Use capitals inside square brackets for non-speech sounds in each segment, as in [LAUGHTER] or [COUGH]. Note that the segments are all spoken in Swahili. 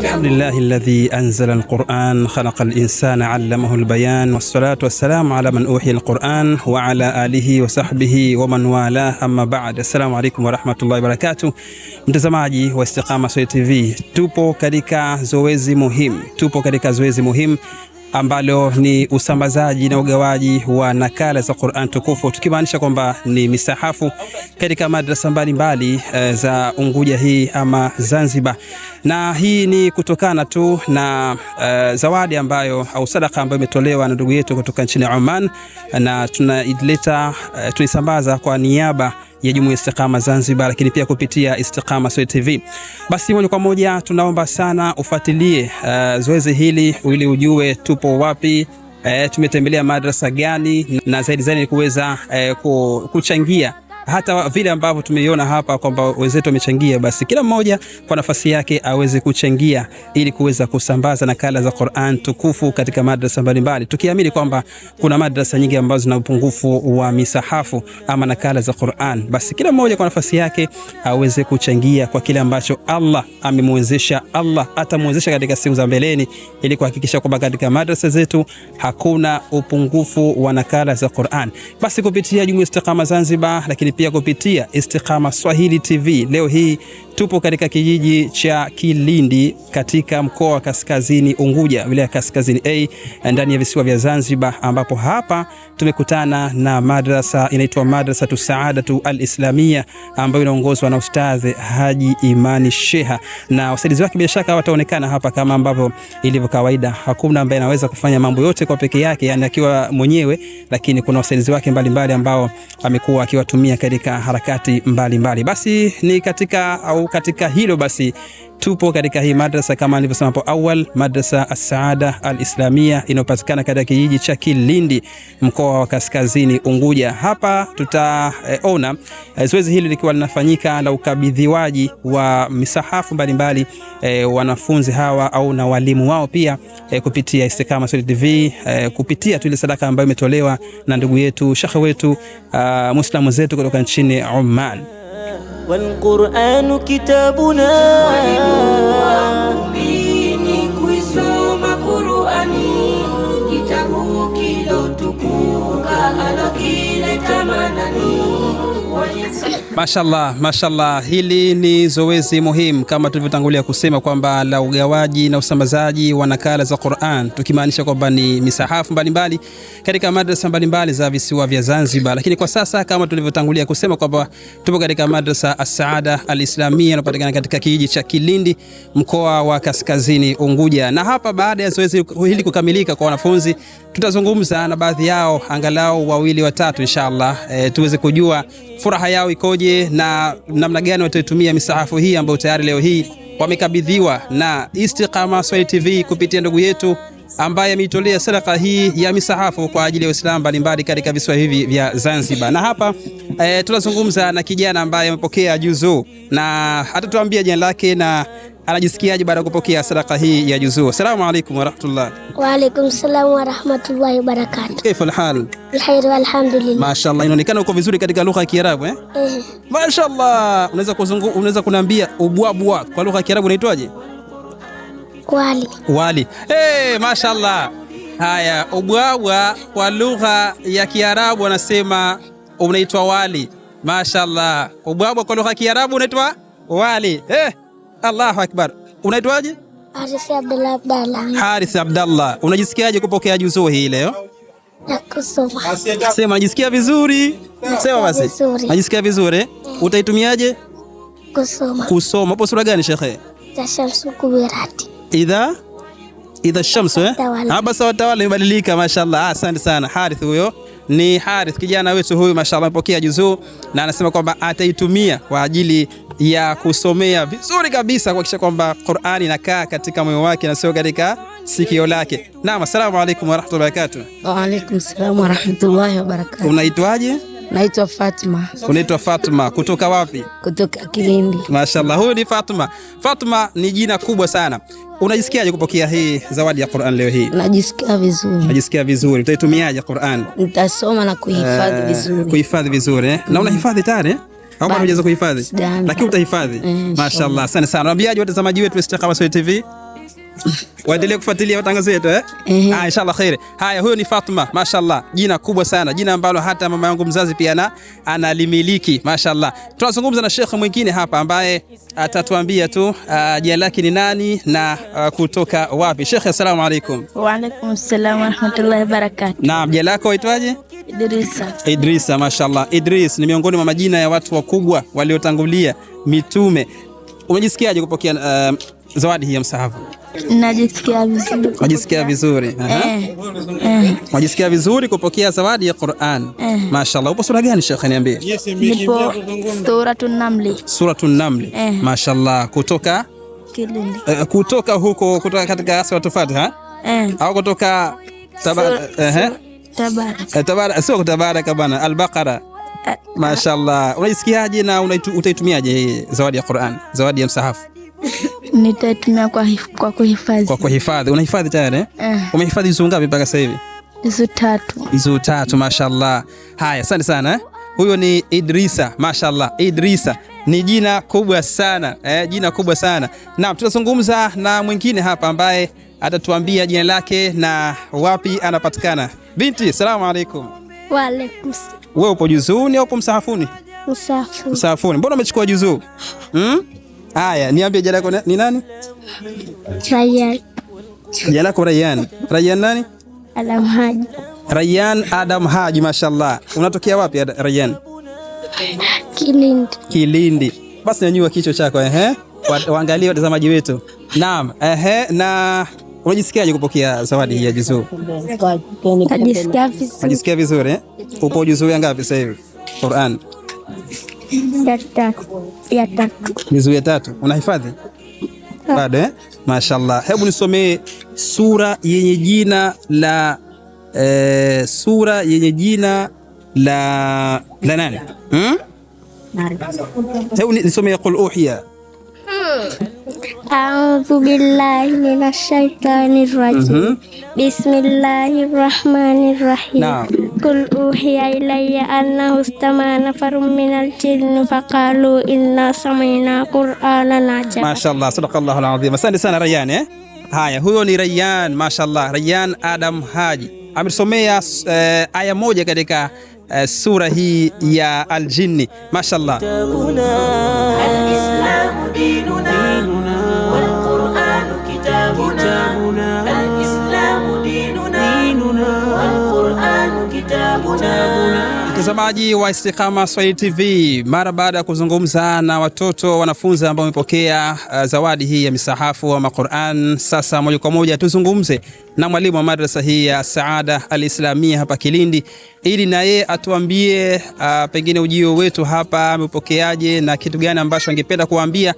الحمد لله الذي أنزل القرآن خلق الإنسان علمه البيان والصلاة والسلام على من أوحي القرآن وعلى آله وصحبه ومن والاه أما بعد السلام عليكم ورحمه الله وبركاته mtazamaji wa Istiqama Swahili TV tupo katika zoezi muhimu tupo katika zoezi muhimu ambalo ni usambazaji na ugawaji wa nakala za Qur'an tukufu, tukimaanisha kwamba ni misahafu katika madrasa mbalimbali eh, za Unguja hii ama Zanzibar. Na hii ni kutokana tu na uh, zawadi ambayo au sadaka ambayo imetolewa na ndugu yetu kutoka nchini Oman, na tunaileta uh, eh, tunaisambaza kwa niaba ya Jumuiya Istiqama Zanzibar, lakini pia kupitia Istiqama Swahili TV. Basi moja kwa moja tunaomba sana ufuatilie uh, zoezi hili ili ujue tupo wapi. E, tumetembelea madrasa gani na zaidi zaidi ni kuweza e, kuchangia hata vile ambavyo tumeiona hapa kwamba wenzetu wamechangia, basi kila mmoja kwa nafasi yake aweze kuchangia ili kuweza kusambaza nakala za Qur'an tukufu katika madrasa mbalimbali, tukiamini kwamba kuna madrasa nyingi ambazo zina upungufu wa misahafu ama nakala za Qur'an. Basi kila mmoja kwa nafasi yake aweze kuchangia kwa kile ambacho Allah amemwezesha, Allah atamwezesha katika siku za mbeleni, ili kuhakikisha kwamba katika madrasa zetu hakuna upungufu wa nakala za Qur'an. Basi kupitia Jumuiya Istiqama Zanzibar, lakini pia kupitia Istiqama Swahili TV. Leo hii tupo katika kijiji cha Kilindi katika mkoa wa Kaskazini Unguja, wilaya ya Kaskazini A ndani ya visiwa vya Zanzibar, ambapo hapa tumekutana na madrasa inaitwa Madrasatu Saadatu Al-Islamia ambayo inaongozwa na Ustadhi Haji Imani Sheha, na wasaidizi wake bila shaka wataonekana hapa kama ambavyo ilivyo kawaida. Hakuna ambaye anaweza kufanya mambo yote kwa peke yake, yani akiwa mwenyewe, lakini kuna wasaidizi wake mbalimbali ambao amekuwa akiwatumia katika harakati mbalimbali mbali. Basi ni katika au katika hilo basi Tupo katika hii madrasa kama nilivyosema hapo awal, madrasa Asaada Alislamia inayopatikana katika kijiji cha Kilindi, mkoa wa Kaskazini Unguja. Hapa tutaona e, e, zoezi hili likiwa linafanyika la ukabidhiwaji wa misahafu mbalimbali e, wanafunzi hawa au na walimu wao pia e, kupitia Istiqama Swahili TV e, kupitia tu ile sadaka ambayo imetolewa na ndugu yetu shekhe wetu a, ah, Muislamu zetu kutoka nchini Oman. والقرآن كتابنا wangu mimi kuisoma Qur'ani kitabu Mashallah, mashallah, hili ni zoezi muhimu kama tulivyotangulia kusema kwamba la ugawaji na usambazaji wa nakala za Qur'an, tukimaanisha kwamba ni misahafu mbalimbali katika madrasa mbalimbali za visiwa vya Zanzibar. Lakini kwa sasa kama tulivyotangulia kusema kwamba tupo katika madrasa asaada alislamia Al-Islamia inayopatikana katika kijiji cha Kilindi, mkoa wa Kaskazini Unguja. Na hapa baada ya zoezi hili kukamilika kwa wanafunzi, tutazungumza na baadhi yao angalau wawili watatu, inshallah, e, tuweze kujua furaha yao ikoje ikoje na namna gani wataitumia misahafu hii ambayo tayari leo hii wamekabidhiwa na Istiqama Swahili TV kupitia ndugu yetu ambaye ameitolea sadaka hii ya misahafu kwa ajili ya Uislamu mbalimbali katika visiwa hivi vya Zanzibar. Na hapa e, tunazungumza na kijana ambaye amepokea juzuu na atatuambia jina lake na anajisikiaje baada ya kupokea sadaka hii ya juzuu. Asalamu alaykum wa rahmatullah. Wa alaykum salam wa rahmatullahi wa barakatuh. Kaifa alhal? Alkhair walhamdulillah. Mashaallah, inaonekana uko vizuri katika lugha ya Kiarabu eh? Eh. Mashaallah, unaweza kuzungumza, unaweza kuniambia ubwabwa kwa lugha ya Kiarabu unaitwaje? Wali. Wali. Hey, eh, mashallah. Haya, ubwabwa kwa lugha ya Kiarabu wanasema unaitwa wali. Mashallah. Ubwabwa kwa lugha ya Kiarabu unaitwa wali. Eh, Allahu akbar. Unaitwaje? Harith Abdallah Abdallah. Harith Abdallah. Unajisikiaje kupokea juzuu hii leo? Nakusoma. Sema unajisikia vizuri. Sema basi. Unajisikia vizuri. Eh? Utaitumiaje? Kusoma. Kusoma. Hapo sura gani, Shekhe? Tashamsu Kubirati idha idha shams eh? Abasa watawala ah, imebadilika, mashaallah. Ah, asante sana Harith, huyo ni Harith kijana wetu huyu, mashaallah, amepokea juzuu na anasema kwamba ataitumia kwa ajili ya kusomea vizuri kabisa, kuhakikisha kwamba Qur'ani inakaa katika moyo wake na sio katika sikio lake. Naam, assalamu alaykum wa rahmatullahi wa barakatuh. Wa alaykum salaam wa rahmatullahi wa barakatuh. Unaitwaje? Naitwa Fatma. Unaitwa Fatma kutoka wapi? Kutoka Kilindi. Mashallah, huyu ni Fatma. Fatma ni jina kubwa sana. Unajisikiaje kupokea hii zawadi ya Qur'an leo hii? Najisikia vizuri. Najisikia vizuri. Utaitumiaje Qur'an? Nitasoma na kuhifadhi eh, vizuri. Uh, Kuhifadhi vizuri eh? Na mm. unahifadhi tayari? Au unaweza kuhifadhi? Lakini utahifadhi. Mm, eh, Mashallah, asante sana. Naambiaje watazamaji wetu wa Istiqama TV? Eh, Waendelee kufuatilia matangazo yetu eh? Ah, inshallah khair. Haya, huyo ni Fatma, mashallah. Jina kubwa sana, jina ambalo hata mama yangu mzazi pia ana analimiliki, mashallah. Tunazungumza na shekhe mwingine hapa ambaye atatuambia tu uh, jina lake ni nani na uh, kutoka wapi. Shekhe, assalamu alaykum. Wa alaykum assalam wa rahmatullahi wa barakatuh. Naam, jina lako waitwaje? Idrisa. Idrisa, mashallah. Idris ni miongoni mwa majina ya watu wakubwa waliotangulia mitume. Umejisikiaje kupokea uh, zawadi hii ya msahafu? Najisikia vizuri. Najisikia vizuri. Eh. Eh. Najisikia vizuri kupokea zawadi ya Qur'an. Eh. Mashaallah. Upo sura gani Sheikh, niambie? Nipo Suratul Naml. Suratul Naml. Eh. Mashaallah. Kutoka Kilindi. Uh, kutoka huko kutoka katika Suratul Fatiha? Eh. Au kutoka Tabara. Eh. Tabara. Eh? Tabara, eh, sio Tabaraka bwana, Al-Baqara. Mashaallah. Unaisikiaje na unaitumiaje zawadi ya Qur'an? Zawadi ya msahafu. [LAUGHS] nitatumia kwa kuhifadhi. Kwa kuhifadhi, unahifadhi tayari eh? eh? Umehifadhi hizo ngapi mpaka sasa hivi? Hizo tatu. Hizo tatu, mashallah. Haya, asante sana eh? Huyo ni Idrisa, mashallah. Idrisa ni jina kubwa sana eh, jina kubwa sana naam. Tutazungumza na mwingine hapa ambaye atatuambia jina lake na wapi anapatikana. Binti, salamu alaikum. Wa alaikum. Wewe upo juzuuni au upo msahafuni? Msahafuni. Msahafuni. Mbona umechukua juzuu? Hmm? Haya, niambie jina lako ni nani? Rayan. Jina lako rayan Rayan nani? Adam Haji. Rayan Adam Haji, mashallah. Unatokea wapi Rayan? Kilindi. Kilindi. Basi nyanyua kichwa chako ehe. Waangalie watazamaji wetu. Naam, ehe na unajisikiaje kupokea zawadi hii ya juzuu? Najisikia vizuri. Najisikia vizuri eh? Upo juzuu ngapi sasa hivi? Qur'an. miezi ya tatu unahifadhi bado eh? Mashallah, hebu nisomee sura yenye jina la e, sura yenye jina la la nani hmm? Hebu nisomee qul uhiya A'udhu billahi minash shaitani rajim. Bismillahir rahmanir rahim. Naam. قل أوحي إلي أنه استمع نفر من الجن فقالوا إنا سمعنا قرآنا عجبا ما شاء الله صدق الله العظيم. Asante sana Rayyan eh? Haya, huyo ni Rayyan mashallah, Rayyan Adam Haji amesomea eh, aya moja katika eh, sura hii ya Aljinni mashallah Mtazamaji wa Istiqama Swahili TV, mara baada ya kuzungumza na watoto wanafunzi ambao wamepokea uh, zawadi hii ya misahafu wa Quran, sasa moja kwa moja tuzungumze na mwalimu wa madrasa hii ya Saada Al-Islamia hapa Kilindi, ili naye atuambie uh, pengine ujio wetu hapa amepokeaje na kitu gani ambacho angependa kuambia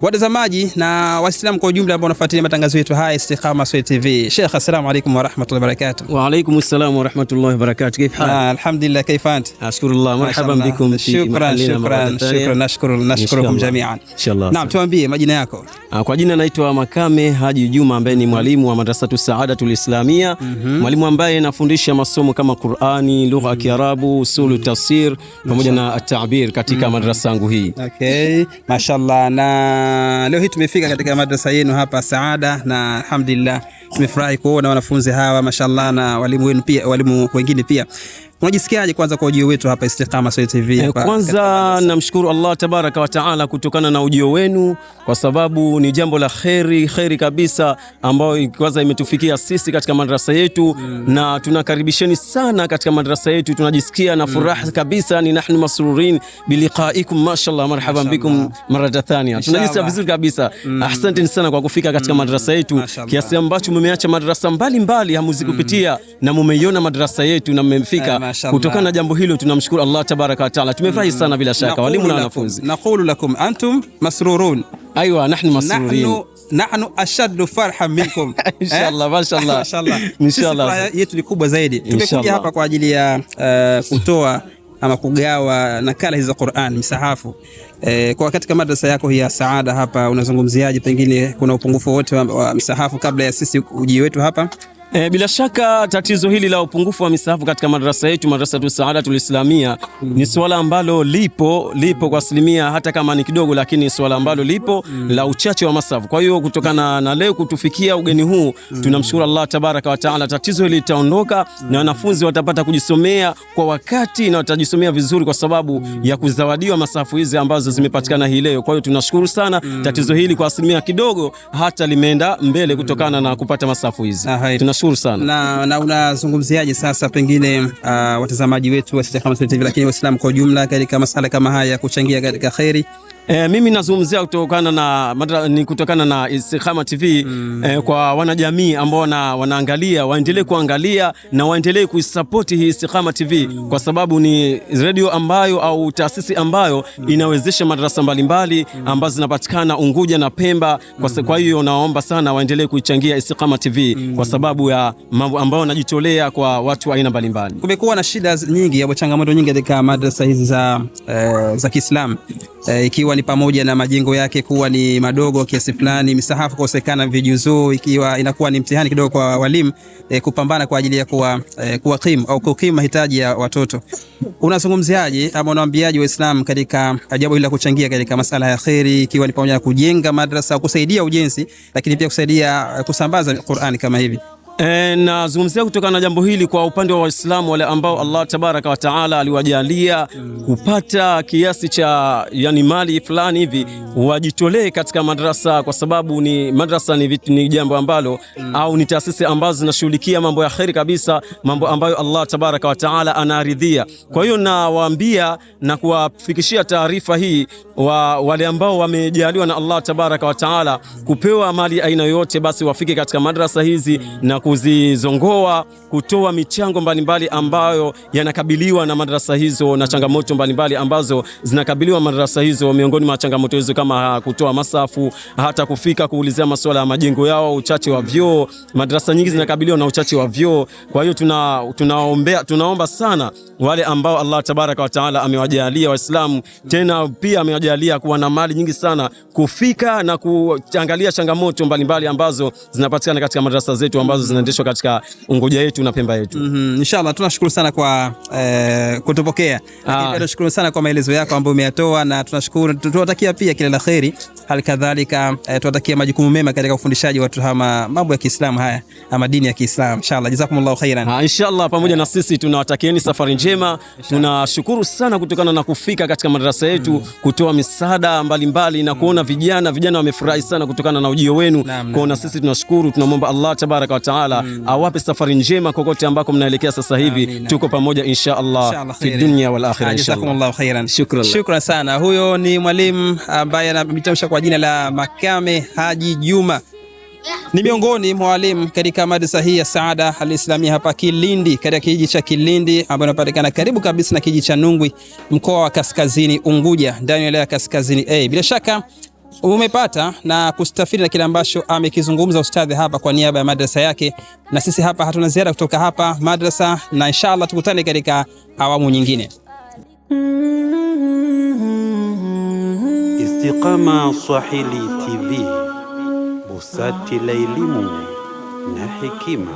Watazamaji na Waislamu kwa ujumla ambao wanafuatilia matangazo yetu haya Istiqama Swahili TV. Sheikh, assalamu alaykum wa rahmatullahi wa barakatuh. Wa alaykum assalam wa rahmatullahi wa barakatuh. Kaif hal? Alhamdulillah, kaif ant? Ashkurullah, marhaban bikum. fi Shukran, shukran, shukran. Nashkuru, nashkurukum jami'an. Inshallah. Naam, tuambie majina yako. Ah, kwa jina naitwa Makame Haji Juma ambaye ni mwalimu wa madrasa Madrasatu Saadatul Islamia, mhm. mwalimu ambaye anafundisha masomo kama Qur'ani, lugha ya Kiarabu, usulu mhm. tafsir pamoja na at-ta'bir katika mhm. madrasa yangu hii. Okay. Mashallah na leo hii tumefika katika madrasa yenu hapa Saada, na alhamdulillah tumefurahi kuona wanafunzi hawa mashallah, na walimu wenu pia, walimu wengine pia Unajisikiaje kwanza kwa ujio wetu hapa Istiqama Swahili TV eh, hapa? Kwanza namshukuru Allah tabaraka wa taala kutokana na ujio wenu, kwa sababu ni jambo la kheri, kheri kabisa ambayo kwanza imetufikia sisi katika madrasa yetu mm. na tunakaribisheni sana katika madrasa yetu, tunajisikia na furaha mm. kabisa, ni nahnu masrurin biliqaikum, mashallah, marhaban bikum marata thania. Tunajisikia vizuri kabisa mm. ahsante sana kwa kufika katika mm. madrasa yetu, kiasi ambacho mumeacha madrasa mbalimbali, hamuzikupitia mm. na mumeiona madrasa yetu na mmefika Kutokana na jambo hilo tunamshukuru Allah tabaraka wa taala, tumefurahi mm, sana bila shaka walimu na wanafunzi. Naqulu lakum antum masrurun Aywa, nahnu masrurin. Nahnu ashaddu farhan minkum. [LAUGHS] Eh? Inshallah, mashallah. Inshallah. inshallah, yetu ni kubwa zaidi. Tumekuja hapa kwa ajili ya uh, kutoa ama kugawa nakala hizi za Qur'an misahafu. E, kwa katika madrasa yako ya Saada hapa unazungumziaje, pengine kuna upungufu wote wa, wa misahafu kabla ya sisi ujio wetu hapa? E, bila shaka tatizo hili la upungufu wa misahafu katika madrasa yetu Madrasatu Saadatul Islamia mm. ni swala ambalo lipo lipo kwa asilimia hata kama ni kidogo, lakini swala ambalo lipo mm. la uchache wa masahafu. Kwa hiyo kutokana na leo kutufikia ugeni huu mm. tunamshukuru Allah tabaraka wa taala, tatizo hili litaondoka mm. na wanafunzi watapata kujisomea kwa wakati na watajisomea vizuri kwa sababu mm. ya kuzawadiwa masahafu hizi ambazo zimepatikana hii leo. Kwa hiyo tunashukuru sana mm. tatizo hili kwa asilimia kidogo hata limeenda mbele kutokana na kupata masahafu hizi. Tunashukuru Tunashukuru sana na, na unazungumziaje sasa pengine uh, watazamaji wetu wa TV lakini Waislamu kwa ujumla katika masala kama haya ya kuchangia katika kheri E, mimi nazungumzia kutokana na ni kutokana na Istikhama TV eh, mm. E, kwa wanajamii ambao wana, wanaangalia waendelee kuangalia na waendelee kuisupport hii Istikhama TV mm. kwa sababu ni radio ambayo au taasisi ambayo mm. inawezesha madarasa mbalimbali mm. ambazo zinapatikana Unguja na Pemba kwa, mm. kwa hiyo naomba sana waendelee kuichangia Istikhama TV mm. kwa sababu ya mambo ambayo wanajitolea kwa watu aina mbalimbali. Kumekuwa na shida nyingi au changamoto nyingi katika madrasa hizi za, eh, za Kiislamu eh, ikiwa ni pamoja na majengo yake kuwa ni madogo kiasi fulani, misahafu kukosekana, vijuzuu, ikiwa inakuwa ni mtihani kidogo kwa walimu e, kupambana kwa ajili ya kuwa e, kuwakimu au kukimu mahitaji ya watoto. Unazungumziaje ama unawaambiaje Waislamu katika eh, jambo hili la kuchangia katika masala ya kheri, ikiwa ni pamoja na kujenga madrasa, kusaidia ujenzi, lakini pia kusaidia kusambaza Qur'ani kama hivi? E, nazungumzia kutokana na jambo hili kwa upande wa Waislamu wale ambao Allah tabaraka wa taala aliwajalia kupata kiasi cha yani mali fulani hivi, wajitolee katika madrasa, kwa sababu ni madrasa ni, ni jambo ambalo mm. au ni taasisi ambazo zinashughulikia mambo ya kheri kabisa, mambo ambayo Allah tabaraka wa taala anaridhia. Kwa hiyo nawaambia na kuwafikishia taarifa hii wa, wale ambao wamejaliwa na Allah tabaraka wa taala kupewa mali aina yoyote, basi wafike katika madrasa hizi na kuzizongoa, kutoa michango mbalimbali ambayo yanakabiliwa na madarasa hizo na changamoto mbalimbali ambazo zinakabiliwa madarasa hizo. Miongoni mwa changamoto hizo kama kutoa masafu, hata kufika kuulizia masuala ya majengo yao, uchache wa vyoo. Madarasa nyingi zinakabiliwa na uchache wa vyoo. Kwa hiyo tuna, tunaombea, tunaomba sana wale ambao Allah tabaraka wa taala amewajalia Waislamu, tena pia amewajalia kuwa na mali nyingi sana, kufika na kuangalia changamoto mbalimbali ambazo zinapatikana katika madarasa zetu ambazo zina zinaendeshwa katika Unguja yetu na Pemba yetu. mm -hmm. Inshallah, tunashukuru sana kwa eh, kutupokea. Ah. Tunashukuru sana kwa maelezo yako ambayo umeyatoa na tunashukuru, tunatakia pia kila la kheri, hali kadhalika eh, tunatakia majukumu mema katika ufundishaji wa tuhama mambo ya Kiislamu haya ama dini ya Kiislamu. Inshallah, jazakumullahu khairan. Ah, inshallah pamoja na sisi tunawatakieni safari njema. Tunashukuru sana kutokana na kufika katika madarasa yetu mm. -hmm. kutoa misaada mbalimbali mbali, na mm. kuona vijana vijana wamefurahi sana kutokana na ujio wenu. na sisi tunashukuru, tunamwomba Allah tabaraka wa taala taala mm. awape safari njema kokote ambako mnaelekea sasa hivi Amina. Tuko pamoja insha Allah fi dunya wal akhirah ah, insha Allah khairan. Shukran, shukran sana. Huyo ni mwalimu ambaye anajitamsha kwa jina la Makame Haji Juma ni miongoni mwa walimu katika madrasa hii ya Saada Alislamia hapa Kilindi, katika kijiji cha Kilindi ambayo inapatikana karibu kabisa na kijiji cha Nungwi, mkoa wa Kaskazini Unguja, ndani ya wilaya ya Kaskazini A. Hey, bila shaka umepata na kustafiri na kile ambacho amekizungumza ustadhi hapa kwa niaba ya madrasa yake, na sisi hapa hatuna ziada kutoka hapa madrasa, na inshallah tukutane katika awamu nyingine. Istiqama Swahili TV, busati la elimu na hekima.